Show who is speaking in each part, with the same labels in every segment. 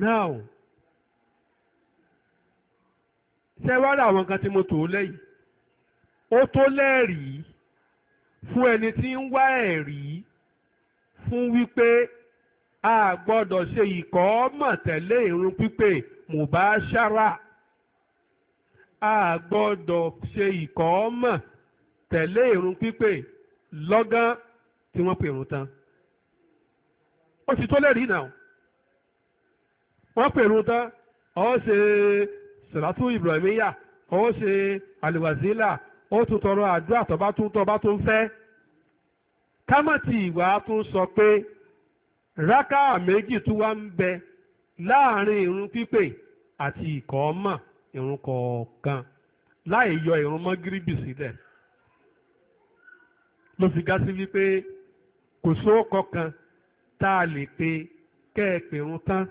Speaker 1: now ṣé wá rà àwọn nǹkan tí mo tò ó lẹ́yìn ó tó lẹ́rìí fún ẹni tí ń wá ẹ̀rí fún wípé a gbọ́dọ̀ ṣe ìkọ́ mọ̀tẹ́lé irun pípé mùbáṣára a gbọ́dọ̀ ṣe ìkọ́ mọ̀ tẹ̀lé irun pípé lọ́gán tí wọ́n pè irun tán ó sì tó lẹ́rìí náà wọ́n pèrò tán ó ṣe sàlátù ibrahimiya ó ṣe àlùwàzílà ó tún tọrọ àdúrà tó bá tún tó bá tún fẹ́ kámọ́tì ìwà tún sọ pé rákà méjì tún wá ń bẹ láàrin ìrun pípè àti ìkọ́ọ́mà ìrun kọ̀ọ̀kan láì yọ ìrun mọ́gíríbì sílẹ̀ ló fi gá sí wípé kò sóòkọ kan tá a lè pe kẹ́ẹ̀pẹ̀rún tán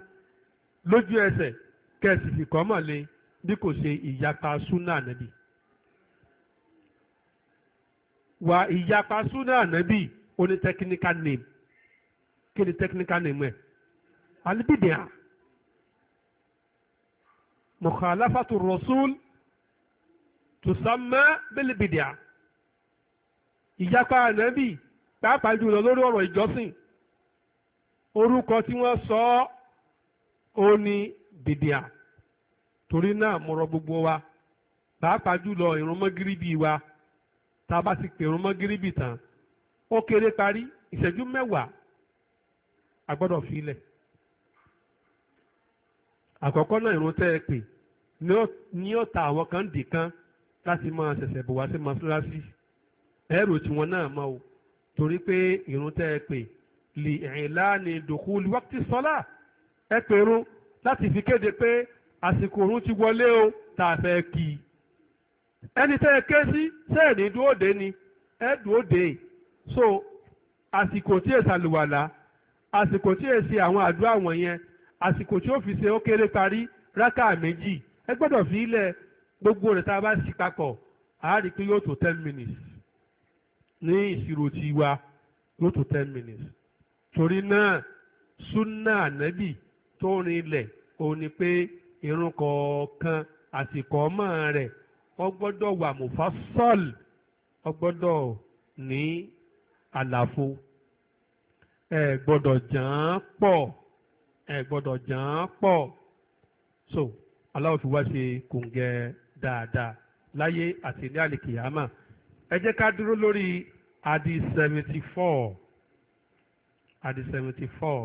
Speaker 1: lójú ẹsẹ̀ kẹsì sì kọ́ mọ̀ lé bí kò ṣe ìyapa súnà ànábì wà ìyapa súnà ànábì ó ní technical name kí ni technical name ẹ̀ alibidia mukhalafatu rasul tusamma bilibidia ìyapa ànábì pàápàá jùlọ lórí ọ̀rọ̀ ìjọsìn orúkọ tí wọ́n sọ ọ́ ó ní bìdìà torí náà mo rọ gbogbo wa pàápàá jùlọ ìrun mọ́gíríbì wa tá a bá ti pè ìrun mọ́gíríbì tán ó kéré parí ìṣẹ́jú mẹ́wàá a gbọ́dọ̀ fi ilẹ̀ àkọ́kọ́ náà ìrun tẹ́ ẹ pè ní ọ̀tá àwọn kan dì kan láti máa ṣẹ̀ṣẹ̀ bọ̀ wá sí mọ́ṣáláṣí ẹ̀rù tiwọn náà mọ́ o torí pé ìrun tẹ́ ẹ pè lè ẹ̀yìn láàánú ìdòkú wákìtì sọ́lá ẹ pèrún láti fi kéde pé àsìkò òun ti wọlé o tá a fẹ́ kí ẹni tẹ́ ẹ ké sí sẹ́ẹ̀ni dúró dé ni ẹ dúró dé so àsìkò tí èsì àlùwàlà àsìkò tí èsì àwọn àdúrà wọ̀nyẹn àsìkò tí ó fi ṣe ó kéré parí rákà méjì ẹ gbọ́dọ̀ fi ilẹ̀ gbogbo rẹ̀ tá a bá sì papọ̀ a rí pé yóò tó ten minutes ní ìṣirò tiwa yóò tó ten minutes torí náà súnà ànábì tó rinlẹ̀ òun ni pé irun kọ̀ọ̀kan àsìkò ọmọ rẹ̀ ó wà mufassal ó gbọ́dọ̀ ní àlàfo ẹ gbọ́dọ̀ jàn án pọ̀ ẹ gbọ́dọ̀ jàn án pọ̀ so aláwọ̀ fi wá ṣe kòǹgẹ́ dáadáa láyé àti ní àlìkìyàmà ẹ jẹ́ ká dúró lórí adi seventy four adi seventy four.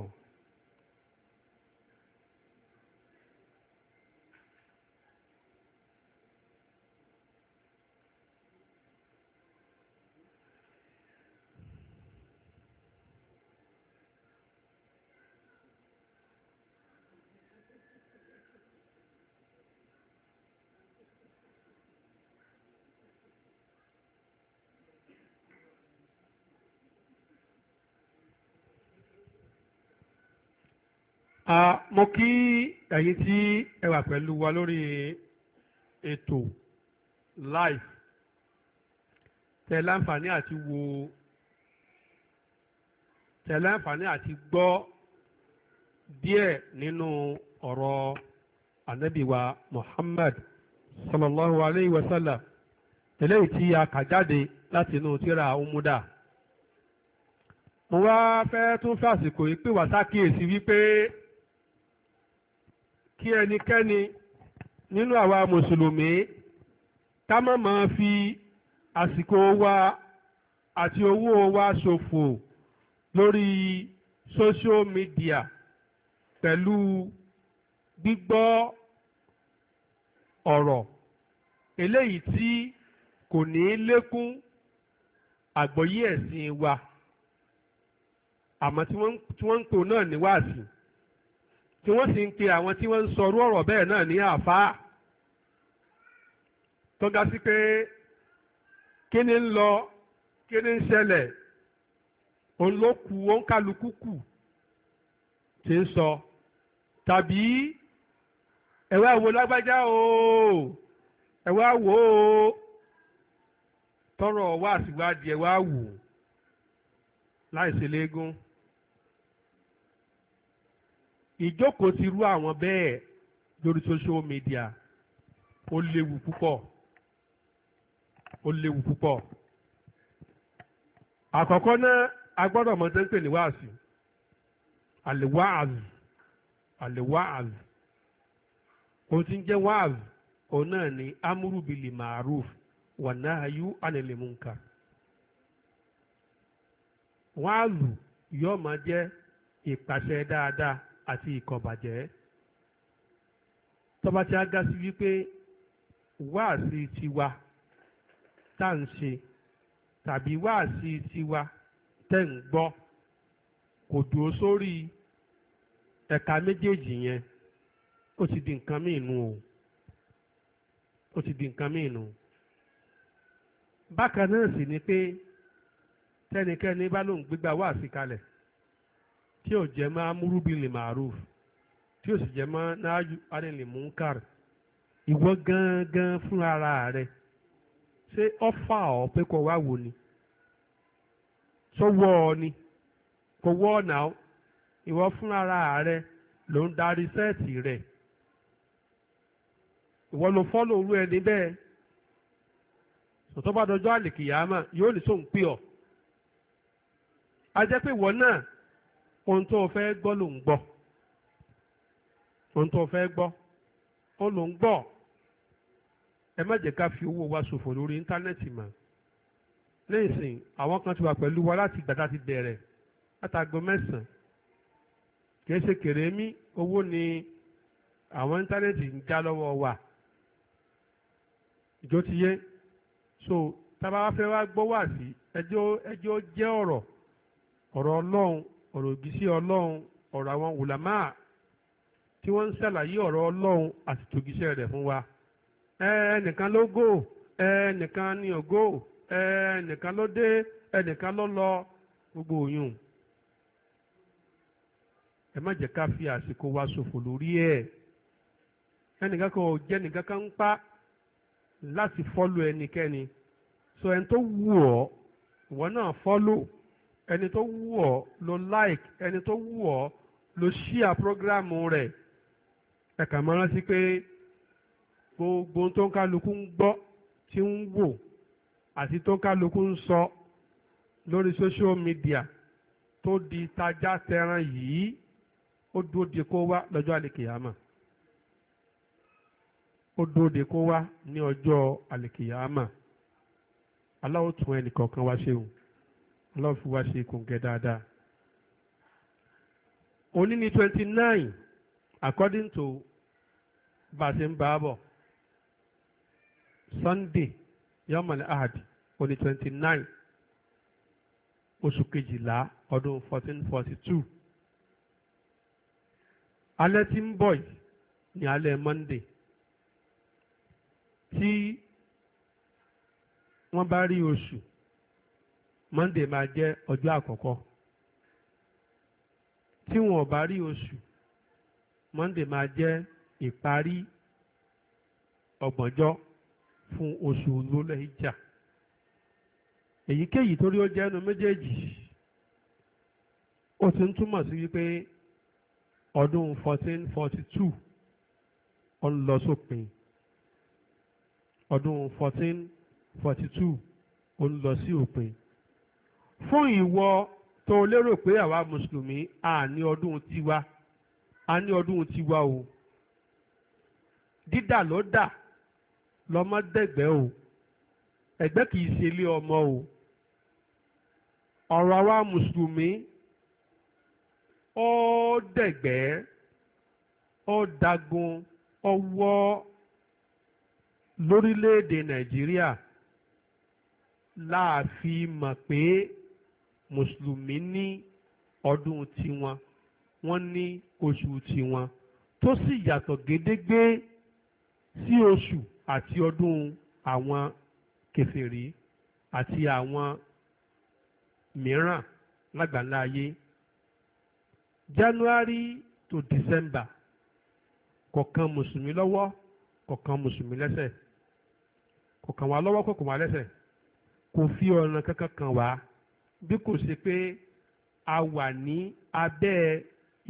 Speaker 1: mo kí ẹ̀yin tí ẹ wà pẹ̀lú wa lórí ètò live tẹ àti wo tẹ àti gbọ́ díẹ̀ nínú ọ̀rọ̀ ànábì Muhammad sallallahu alayhi wa sallam eléyìí tí a kà jáde láti inú umuda mo wá fẹ́ tún kí ẹnikẹ́ni nínú àwa mùsùlùmí ká má máa fi àsìkò wa àti owó wa ṣòfò lórí social media pẹ̀lú gbígbọ́ ọ̀rọ̀ eléyìí tí kò ní lékún àgbọ́yé ẹ̀sìn wa àmọ́ tí wọ́n ń pò náà ní wáàsí tí wọ́n sì ń pe àwọn tí wọ́n ń sọrú ọ̀rọ̀ bẹ́ẹ̀ náà ní àfáà tó ga sí pé kí ni ń lọ kí ni ń ṣẹlẹ̀ òun ló kù òun kálukú kù tí ń sọ tàbí ẹ̀wẹ́ àwo lágbájá o ẹ̀wẹ́ àwo o tọrọ wá síwájú ẹ̀wẹ́ àwò láìsí léegun. ìjókòó ti rú àwọn bẹ́ẹ̀ lórí social media ó léwu púpọ̀ ó léwu púpọ̀ àkọ́kọ́ náà a gbọ́dọ̀ mọ̀ tó ń pè ní wáàsì àlè àlè òun ti ń jẹ́ wáàzì òun náà ni amúrúbìlì màrúf wà náà yú ànilẹ̀mùnkà yóò máa jẹ́ ìpàṣẹ dáadáa àti ìkọ̀bàjẹ́ tọ́ba tí a ga sí wípé wáàsí tiwa tá à ń ṣe tàbí wáàsí tiwa tẹ́ ń gbọ́ kò dúró sórí ẹ̀ka méjèèjì yẹn ó ti di nǹkan míì o ó ti di nǹkan míì bákan náà sì ni pé tẹ́nikẹ́ni bá lóun gbégbá wáàsí kalẹ̀ tí o jẹ́ mọ́ amúrúbìlì tí o sì jẹ́ mọ́ náájú alẹ́lì ìwọ fún ara rẹ ṣé fà ọ̀ pé kò wá wò ni sọ́wọ́ ọ ni kò wọ́ ọ̀nà ìwọ fún ara rẹ ló ń darí sẹ́ẹ̀tì rẹ̀ ìwọ ló fọ́lọ̀ orú ẹni bẹ́ẹ̀ bá dọjọ́ àlèkìyàmà yóò ní sóun pè ọ́ a jẹ́ pé ìwọ ohun tó fẹ́ gbọ́ ló ń gbọ́ ohun tó fẹ́ gbọ́ ó ló fi owó wa ṣòfò lórí íńtánẹ́ẹ̀tì mọ́ nísìn àwọn kan ti wà pẹ̀lú wa láti gbàdá ti bẹ̀rẹ̀ látago mẹ́sàn-án kì í ṣe owó ni àwọn íńtánẹ́ẹ̀tì ń já lọ́wọ́ wa ìjó ti so tábà wá fẹ́ wá gbọ́ wá sí ẹjọ́ ẹjọ́ jẹ́ ọ̀rọ̀ ọ̀rọ̀ ògìsí ọlọ́run ọ̀rọ̀ àwọn wùlámà tí wọ́n ń ṣàlàyé ọ̀rọ̀ ọlọ́run àti tògìṣẹ́ rẹ̀ fún wa ẹnìkan ló gò ẹnìkan ni ògò ẹnìkan ló dé ẹnìkan ló lọ gbogbo òyìn ẹ má jẹ́ ká fi àsìkò wa ṣòfò lórí ẹ̀ ẹnìkan kan ò jẹ́ nìkan kan ń pa láti fọ́lù ẹnikẹ́ni so ẹni tó wù ọ́ ìwọ náà fọ́lù ẹni tó wù ọ́ ló like ẹni tó wù ọ́ ló ṣíà prógrámù rẹ̀ ẹ̀ka máa rántí pé gbogbo tó ń kálukú ń gbọ́ tí ń wò àti tó ń kálukú ń sọ lórí social media tó di tajá tẹran yìí ó dúró de kó wá lọ́jọ́ àlekèyàmà ó dúró de kó wá ní ọjọ́ àlekèyàmà aláwọ̀ tún ẹnì kọ̀ọ̀kan wá ṣeun lọ́n fi wá ṣe kòǹgẹ́ dáadáa. òní ni twenty nine according to basim baabo sunday yomani ahad òní twenty nine oṣù kejìlá ọdún fourteen forty two alẹ́ tí ń bọ̀ yìí ní alẹ́ monday tí wọ́n bá rí oṣù Monday máa jẹ́ ọjọ́ àkọ́kọ́ tí wọn ò bá rí oṣù Monday máa jẹ́ ìparí ọgbọ̀njọ́ fún oṣù lólẹ̀ ìjà èyíkéyìí torí ó jẹ́ ẹnu méjèèjì ó ti ń túmọ̀ sí wípé ọdún 1442 ó ń lọ sópin ọdún 1442 ó ń lọ sí òpin fún ìwọ tó lérò pé àwa mùsùlùmí a ní ọdún tiwa a ní ọdún tiwa o dídà ló dà lọmọ dẹ̀gbẹ́ o ẹ̀gbẹ́ kìí ṣe ilé ọmọ o ọ̀rọ̀ àwa mùsùlùmí ó dẹ̀gbẹ́ ó dagun ọwọ́ lórílẹ̀‐èdè nàìjíríà láàfin mọ̀ pé mùsùlùmí ní ọdún tiwọn wọ́n ní oṣù tiwọn tó sì yàtọ̀ gédégbé sí oṣù àti ọdún àwọn kèfèrí àti àwọn mìíràn lágbàlá ayé January to December kọ̀ọ̀kan mùsùlùmí lọ́wọ́ kọ̀ọ̀kan mùsùlùmí lẹ́sẹ̀ kọ̀ọ̀kan wá lọ́wọ́ kọ̀ọ̀kan wá lẹ́sẹ̀ kò fi ọ̀nà kankan kan wá. Ka bí kò ṣe pé a wà ní abẹ́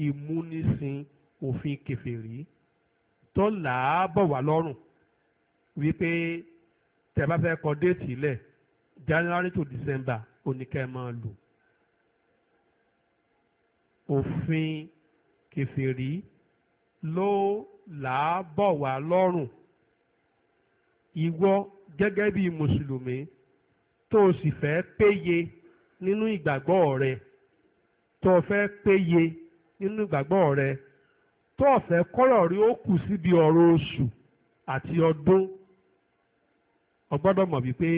Speaker 1: ìmúnisìn òfin kèfèrí tó là á bọ̀ wá lọ́rùn wípé tẹ́ bá fẹ́ kọ déètì lẹ̀ January to December oníkẹ́ máa lò òfin kèfèrí ló là á bọ̀ wá lọ́rùn ìwọ gẹ́gẹ́ bí mùsùlùmí tó o sì fẹ́ péye. nínú ìgbàgbọ́ rẹ tó fẹ́ péye nínú ìgbàgbọ́ rẹ tó ọ̀fẹ́ kọ́rọ̀ rí ó kù síbi ọ̀rọ̀ oṣù àti ọdún o gbọ́dọ̀ mọ̀ wípé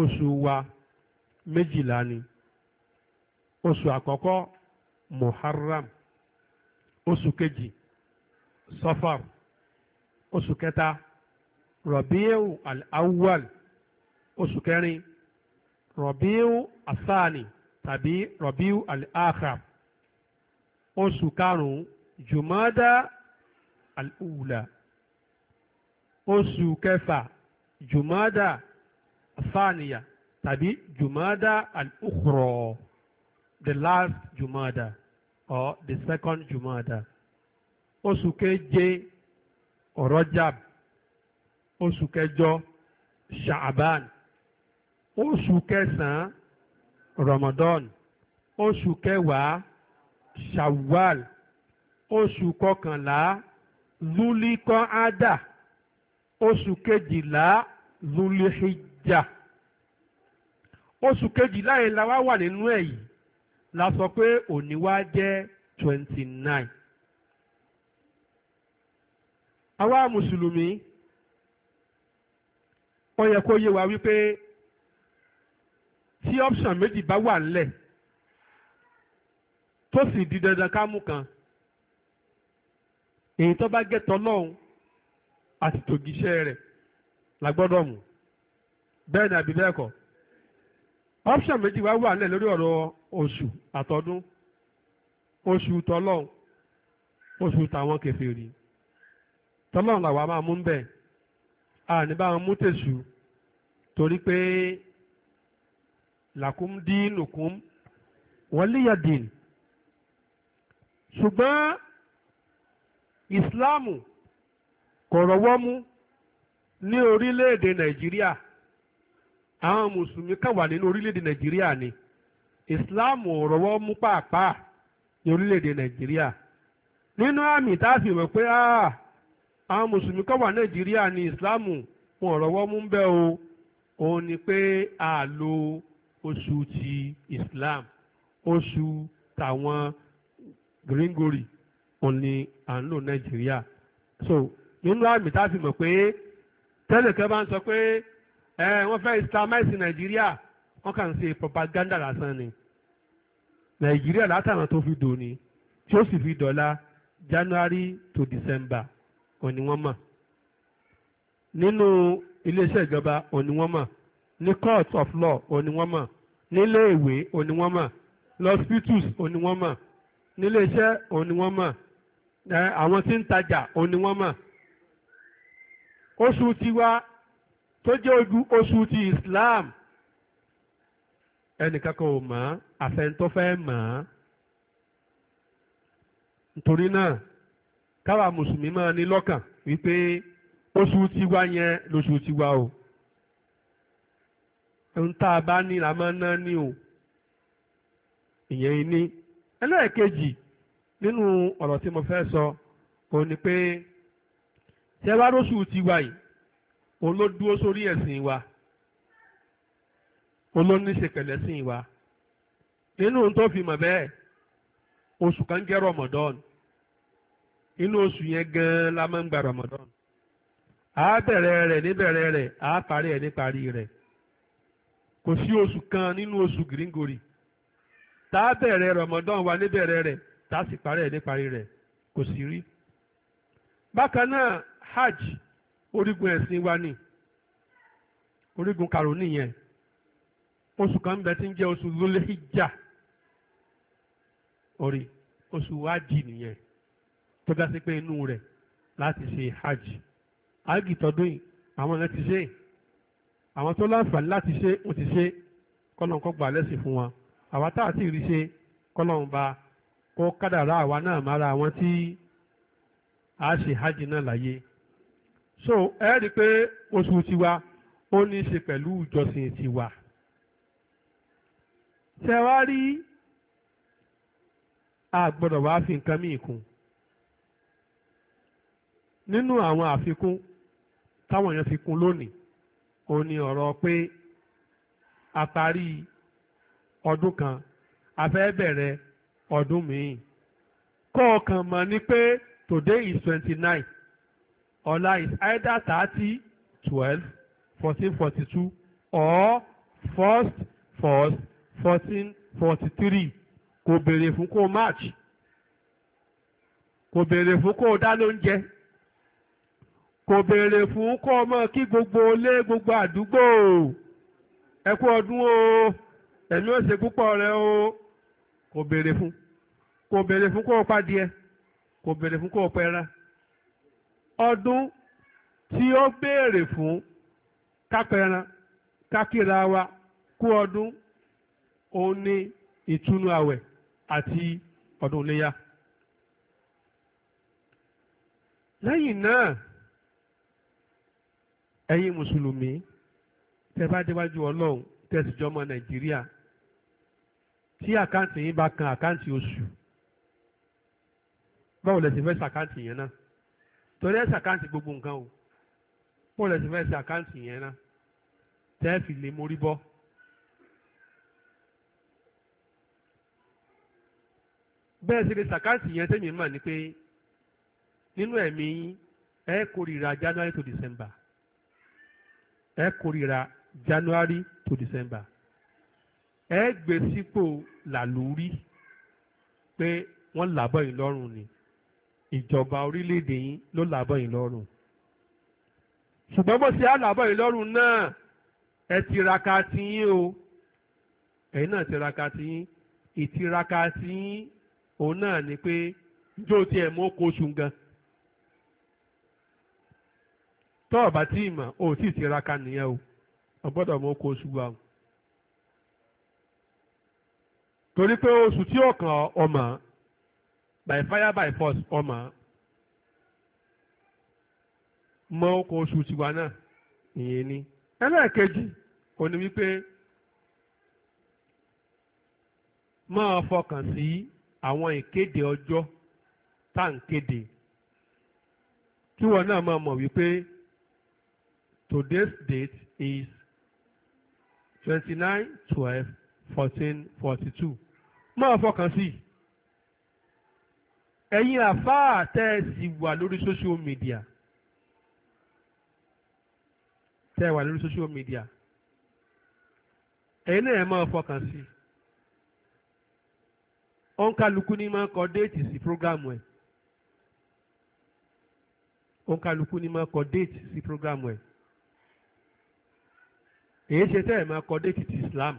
Speaker 1: oṣù wa méjìlá ni oṣù àkọ́kọ́ muharram oṣù kejì safar oṣù kẹta rọ̀bíẹ́wù al oṣù kẹrin rọ̀bíù asani tàbí rọ̀bíù al-akhar oṣù karùn-ún jùmọ́dá al-ula oṣù kẹfà jùmọ́dá asaniya tàbí jùmọ́dá al the last jùmọ́dá or the second jùmọ́dá oṣù keje ọ̀rọ̀jàb oṣù kẹjọ ṣàbán oṣù kẹsàn-án Ramadan oṣù kẹwàá Shawwal oṣù kọkànlá lulikọ́ádà oṣù kejìlá lulihijja oṣù kejìlá yẹn la wá wà nínú ẹ̀ yìí la sọ pé òní wá jẹ́ twenty nine àwa mùsùlùmí ó yẹ kó yé wa wípé tí option méjì bá wà ńlẹ̀ tó sì di dandan ká mú kan èyí tó bá gẹ̀tọ́ lọ́hùn àti tògìṣẹ́ rẹ̀ la gbọ́dọ̀ mú bẹ́ẹ̀ ni àbí bẹ́ẹ̀ kọ́ option méjì wá wà ńlẹ̀ lórí ọ̀rọ̀ oṣù àtọdún oṣù tọlọ́hùn oṣù tàwọn kèfèrí tọlọ́hùn làwa máa mú ń bẹ̀ àní bá wọn mú tèṣù torí pé làkúm dínukum waliya dín ṣùgbọ́n ìsìláàmù kò rọwọ́ mú ní orílẹ̀-èdè nàìjíríà àwọn mùsùlùmí kan wà nínú orílẹ̀-èdè nàìjíríà ni ìsìláàmù ò rọwọ́ mú pàápàá ní orílẹ̀-èdè nàìjíríà nínú àmì tá a fi mọ̀ pé ah, àwọn mùsùlùmí kan wà nàìjíríà ni ìsìláàmù wọn ò rọwọ́ o òun ni pé àlò oṣù ti Islam oṣù tàwọn gringori òní à ń lò Nàìjíríà so nínú àmì tá a fi mọ̀ pé tẹ́lẹ̀ kan bá ń sọ pé ẹ wọ́n fẹ́ Islamize Nàìjíríà wọ́n kàn ń ṣe propaganda lásán ni Nàìjíríà látàrán tó fi dòní tí ó sì fi dọ̀la January to December òní wọ́n mọ̀ nínú iléeṣẹ́ ìjọba òní wọ́n mọ̀ ní court of law òní wọ́n mọ̀ nílé ìwé òní wọ́n mọ̀ lọ́spítùs òní wọ́n mọ̀ nílé iṣẹ́ òní wọ́n mọ̀ àwọn tí ń tajà òní oṣù tiwa tó jẹ́ oṣù ti Islam ẹnìkan kan ò mọ̀ àfẹnutọ́fẹ́ mọ̀ ọ́ nítorí náà káwa mùsùlùmí máa ní lọ́kàn wípé oṣù tiwa yẹn lóṣù tiwa o ohun tá a bá ní la máa ná ní o ìyẹn ni ẹlẹ́ẹ̀kejì nínú ọ̀rọ̀ tí mo fẹ́ sọ òun ni pé sẹ́wárọ́sù ti wà yìí òun ló dúró sórí ẹ̀sìn wa òun ló ní ṣèkẹ̀lẹ̀ sìn wa nínú ohun tó fi mọ̀ bẹ́ẹ̀ oṣù kan jẹ́ Ramadan inú oṣù yẹn gan-an la máa ń gba Ramadan àá bẹ̀rẹ̀ rẹ̀ níbẹ̀rẹ̀ rẹ̀ àá parí ẹ̀ níparí rẹ̀. kò sí oṣù kan nínú oṣù gíríngorì tá a bẹ̀rẹ̀ rọmọdán wa níbẹ̀rẹ̀ rẹ̀ tá a sì parẹ́ rẹ̀ kò sí rí. bákan náà hajj orígun ẹ̀sìn wa ni orígun karùn oṣù kan bẹ ń jẹ́ oṣù lólehijjá orí oṣù hajj nìyẹn tó sí pé hajj àgìtọ́dún àwọn ẹ̀ àwọn tó láǹfààní láti ṣe wọ́n ti ṣe kọ́lọ́n kọ́ gbà lẹ́sìn fún wọn àwa tá àti rí ṣe kọ́lọ́n ba kó kádàrá àwa náà mára àwọn tí a ṣe hajj náà láyé so ẹ rí i pé oṣù tiwa ó ní í ṣe pẹ̀lú ìjọsìn tiwa ṣe wá rí a gbọ́dọ̀ wá fi nǹkan míì kún nínú àwọn àfikún táwọn èèyàn fi kún lónìí oni ní ọ̀rọ̀ pé a parí ọdún kan a bẹ̀rẹ̀ ọdún míì kọ̀ọ̀kan mọ̀ ni pé today is twenty nine ọ̀la is either thirty twelve fourteen forty two or first first fourteen forty three kò béèrè fún kó march kò béèrè fún kó dá lóúnjẹ kò béèrè fún kọ́ ọmọ kí gbogbo ilé gbogbo àdúgbò ẹ kú ọdún o ẹ̀mí òsè púpọ̀ rẹ o kò béèrè fún kò béèrè fún kó o padìẹ kò béèrè fún kó o pẹran ọdún tí ó béèrè fún kápẹran kákìra wa kú ọdún òun ni ìtúnu àwẹ̀ àti ọdún iléyà lẹ́yìn náà ẹ̀yin mùsùlùmí tẹ́ bá déwájú ọlọ́run tẹ̀síjọ́ ọmọ nàìjíríà tí àkáǹtì yín bá kan àkáǹtì oṣù báwo lẹ sì fẹ́ ṣàkáǹtì yẹn náà torí ẹ ṣàkáǹtì gbogbo nǹkan o báwo lẹ sì fẹ́ ṣàkáǹtì yẹn náà tẹ́ fi lè mórí bọ́. bẹ́ẹ̀ sì ni ṣàkáǹtì yẹn tẹ́mi mọ̀ ni pé nínú ẹ̀mí ẹ kórìíra January to December ẹ kórìíra January to December ẹ gbé sípò làlúrí pé wọ́n làbọ̀ yín lọ́rùn ni ìjọba orílẹ̀-èdè yín ló làbọ̀ yín lọ́rùn ṣùgbọ́n bó ṣe á làbọ̀ yín lọ́rùn náà ẹ tiraka ti yín o ẹ̀yin náà tiraka ti yín ìtiraka ti yín òun náà ni pé njó tiẹ̀ mú oko oṣù gan-an. tọ́ ọ̀bá tí ìmọ̀ ò tí ì tiraka nìyẹn o ọgbọ́dọ̀ mọ oko oṣù wa torí pé oṣù tí ọ̀kan ọmọ by fire by force ọmọ mọ oko oṣù tiwa náà ìyẹn ni ẹlẹ́ẹ̀kejì ó ní wípé máa fọkàn sí àwọn ìkéde ọjọ́ tá à ń kéde kí wọn náà máa mọ̀ wípé Today's date is 29-12-1442. Máa fọkàn sí i. Ẹ̀yin àfáà tẹ́ ẹ sì wà lórí social media. Tẹ́ ẹ wà lórí social media. Ẹ̀yin náà ẹ máa fọkàn sí i. Òǹkàlùkù ni máa kọ déètì sí prógámù ẹ̀. Òǹkàlùkù ni máa kọ déètì sí prógámù ẹ̀ èyí ṣe tẹ́ ẹ̀ máa kọ déètì ti Islam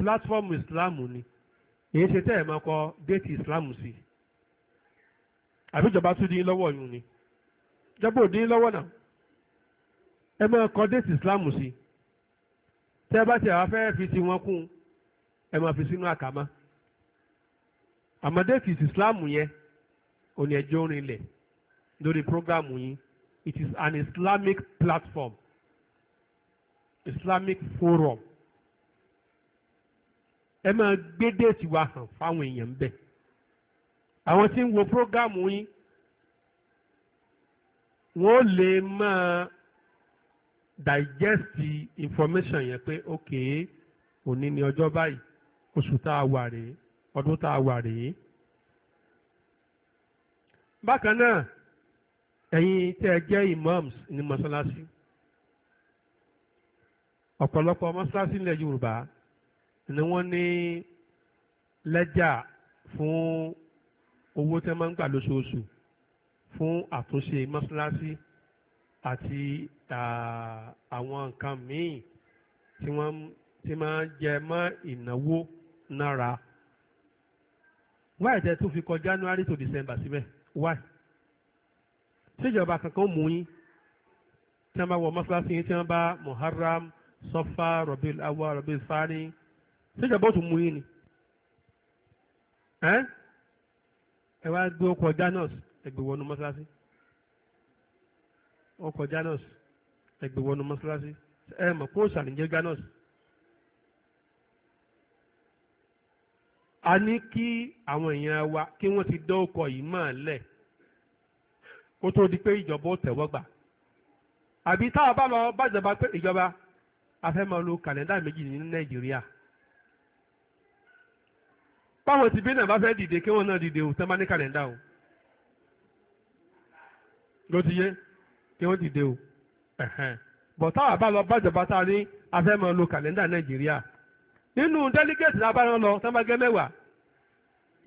Speaker 1: platform Islam ni èyí ṣe tẹ́ ẹ̀ máa kọ déètì Islam sí àbíjọba tún dín lọ́wọ́ yìí ni jọba ò dín lọ́wọ́ náà ẹ máa kọ déètì Islam sí tẹ́ ẹ bá ti àwọn afẹ́rẹ́ fi ti wọn kún ẹ máa fi sínú àkàmá àmọ́ déètì ti Islam yẹn òní ẹjọ́ rinlẹ̀ lórí prógrámù yìí it is an Islamic platform. Islamic Forum ẹ máa gbé déètì wa hàn fáwọn èèyàn bẹ́ẹ̀ àwọn tí ń wo prógámù yín wọ́n lè máa digest information yẹn pé ok òní ni ọjọ́ báyìí oṣù tá a wà rèé ọdún tá a wà rèé. bákan náà ẹ̀yin tẹ́ ẹ jẹ́ imams ní mọ́ṣáláṣí ọ̀pọ̀lọpọ̀ mọ́ṣáláṣí ilẹ̀ Yorùbá ni wọ́n ní lẹ́jà fún owó tí wọ́n máa ń gbà lóṣooṣù fún àtúnṣe mọ́ṣáláṣí àti àwọn nǹkan míì tí wọ́n ti máa ń jẹ mọ́ ìnáwó nára wáyé tẹ tó fi kọ January to December síbẹ̀ wáyé ṣèjọba kankan mú yín tí wọ́n bá wọ mọ́ṣáláṣí yín tí wọ́n bá Muharram sọ́fà rọ̀bì awa rọ̀bì sáni ṣéjọba ó tún mú yín ni ẹ wá gbé ọkọ̀ Janus ẹgbẹ̀wọ̀nù mọ́ṣáláṣí ọkọ̀ Janus ẹgbẹ̀wọ̀nù mọ́ṣáláṣí ẹ mọ̀ kó ṣàlìjẹ́ Janus. a ní kí àwọn èèyàn wa kí wọ́n ti dán ọkọ̀ yìí mọ̀ lẹ̀ kó tó di pé ìjọba ó tẹ̀wọ́ gbà àbí táwọn bá lọ bá ìjọba pé ìjọba a fẹ́ máa lo kàlẹ́ndà méjì ní nàìjíríà báwọn ti bí náà bá dìde kí wọ́n náà dìde o tán bá ní kàlẹ́ndà o ló ti yé kí wọ́n dìde o bọ̀ táwa bá lọ bájọba tá a ní a fẹ́ máa lo kàlẹ́ndà nàìjíríà nínú délígẹ̀tì náà bá rán lọ tán bá gẹ́ mẹ́wàá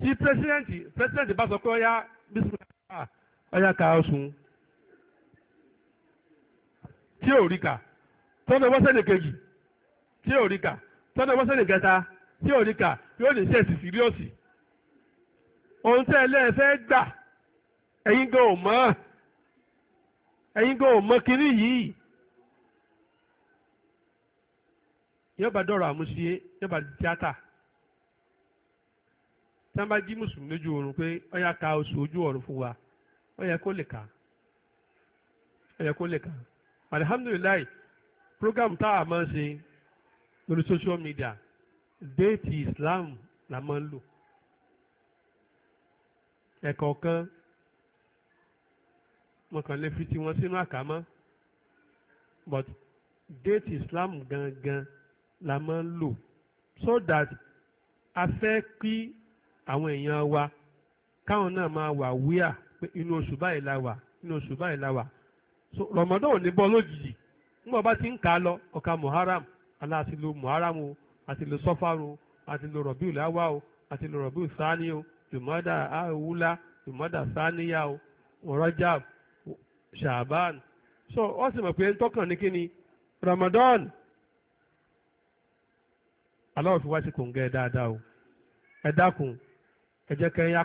Speaker 1: tí pírẹsidẹ́ǹtì pírẹsidẹ́ǹtì bá sọ pé ọ̀yá bísí ọ̀yá ká ọ̀sùn tí ò rí kà. tọ́dọ̀ wọ́sẹ̀lẹ̀ kejì tí rí kẹta tí ò rí kà yóò ní sẹ́ẹ̀sì síríọ́sì ohun tẹ́ ẹlẹ́ẹ̀fẹ́ gbà ẹ̀yin gan ò mọ̀ ẹ̀yin gan ò kínní yìí yọba dọ̀rọ̀ àmúṣe yọba tíátà tí wọ́n bá jí mùsùlùmí lójú oorun pé ó ka oṣù ojú program tá a máa ń ṣe lórí social media déètì Islam la máa ń lò ẹ̀kọ́ kan wọn kàn lè fi tiwọn sínú àkámọ́ but déètì Islam gangan la máa ń lò so that a fẹ́ kí àwọn èèyàn wa káwọn náà máa wà wíà pé inú oṣù báyìí la wà inú oṣù báyìí la wà so Ramadan ò ní bọ́ lójijì ńgbọ̀n ọba ti ń kà á lọ ọ̀ka muharam Allah ti lu muharram o àti lo o àti lo o sáni o jùmọ́dà àwùlá jùmọ́dà sáníyà o rọ́jàb ṣàbán so ó sì mọ̀ pé ń tọ́kàn ní Ramadan Allah fi wá sí kòǹgẹ́ dáadáa o ẹ dákun ẹ jẹ́ kẹ́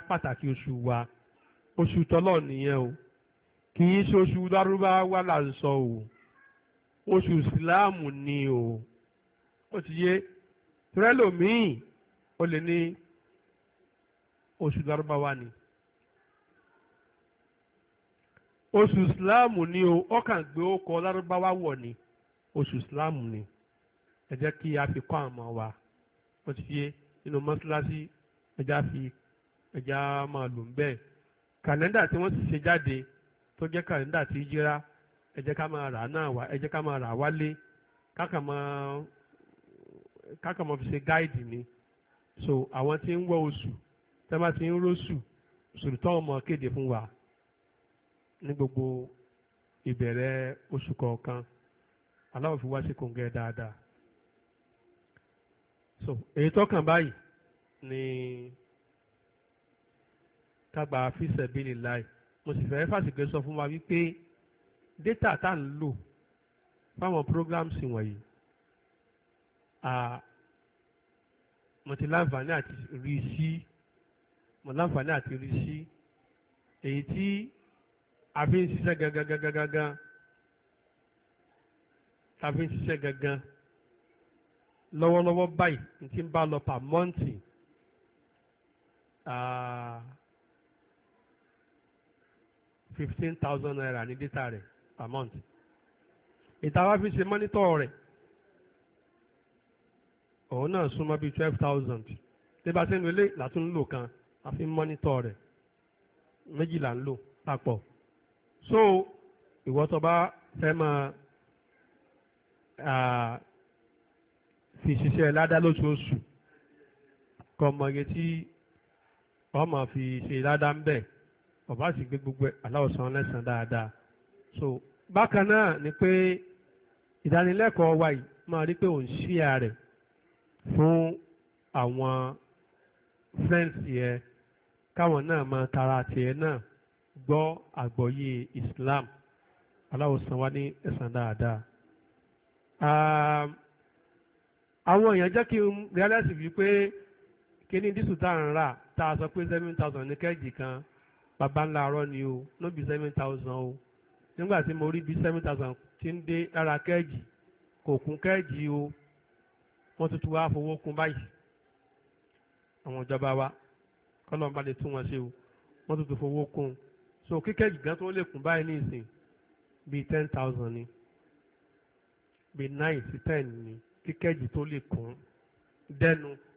Speaker 1: wa oṣù tọ́lọ̀ nìyẹn o kì í ṣe oṣù oṣù ìsìláàmù ni o ó ti yé tìrẹ́lòmíì ó lè ní oṣù lárúbáwá ni oṣù ìsìláàmù ni o ọkàn gbé ọkọ lárúbáwá wọ̀ ni oṣù ìsìláàmù ni ẹ jẹ́ kí a fi kọ́ àmọ́ wa ó ti yé nínú mọ́ṣáláṣí ẹja fi ẹja máa lò ń bẹ́ẹ̀ kàlẹ́ndà tí wọ́n ti ṣe jáde tó jẹ́ kàlẹ́ndà tí yíra ẹ jẹ́ ká máa rà náà wá ẹ jẹ́ ká máa rà wálé káka máa káka máa fi ṣe gáìdì ni so àwọn tí ń wọ oṣù tẹ́ bá ti ń róṣù sùrùtọ́ ọmọ kéde fún wa ní gbogbo ìbẹ̀rẹ̀ oṣù kọ̀ọ̀kan aláwọ̀ fi wá sí kòǹgẹ́ dáadáa so èyí tọ́kàn báyìí ni kágbà fíṣẹ̀ bíi lè láì mo sì fẹ́ fàṣìgbé sọ fún wa wípé data tá à ń lò fáwọn programs wọ̀nyí mo ti láǹfààní àti rí sí mo láǹfààní àti rí sí èyí tí a fi ń ṣiṣẹ́ gangan gangan gangan ta fi ń ṣiṣẹ́ gangan lọ́wọ́lọ́wọ́ báyìí n ti ń bá lọ pa mọ́ǹtì fifteen thousand naira ní dátà rẹ̀ A month ìta wá fi ṣe mọ́nítọ̀ rẹ̀ òun náà súnmọ́ bíi twelve thousand tẹ́bà sínú ilé látún ń lò kan àfi mọ́nítọ̀ rẹ̀ méjìlá ń lò papọ̀ so ìwọ tó bá fẹ́ máa fi ṣiṣẹ́ ládá lóṣooṣù kọ mọ iye tí ọmọ fi ṣe ládá ń bẹ̀ ọba sì gbé gbogbo aláwọ̀sán lẹ́sàn dáadáa so bákan náà ni pé ìdánilẹ́kọ̀ọ́ wa yìí máa rí pé òun ṣíà rẹ̀ fún àwọn friends yẹ káwọn náà máa tara tiẹ̀ náà gbọ́ àgbọ́yé Islam aláwo san wá ní ẹ̀san dáadáa. àwọn èèyàn jẹ́ kí n realize wípé kíní dísù tá à ń rà tá a sọ pé seven thousand ní kẹ́ẹ̀jì kan bàbá ńlá arọ́ ni o ló seven thousand o nígbà tí mo rí bíi seven thousand ti ń dé lára kẹ́ẹ̀jì kò kún kẹ́ẹ̀jì o wọ́n tuntun wá fowó kún báyìí àwọn ìjọba wa kọ́lọ́ bá lè tún wọn ṣe o wọ́n tuntun fowó kún so kíkẹ́ẹ̀jì gan tó lè kún báyìí ní ìsìn bíi ten thousand ni bíi nine sí ten ni kíkẹ́ẹ̀jì tó lè kún dẹ́nu.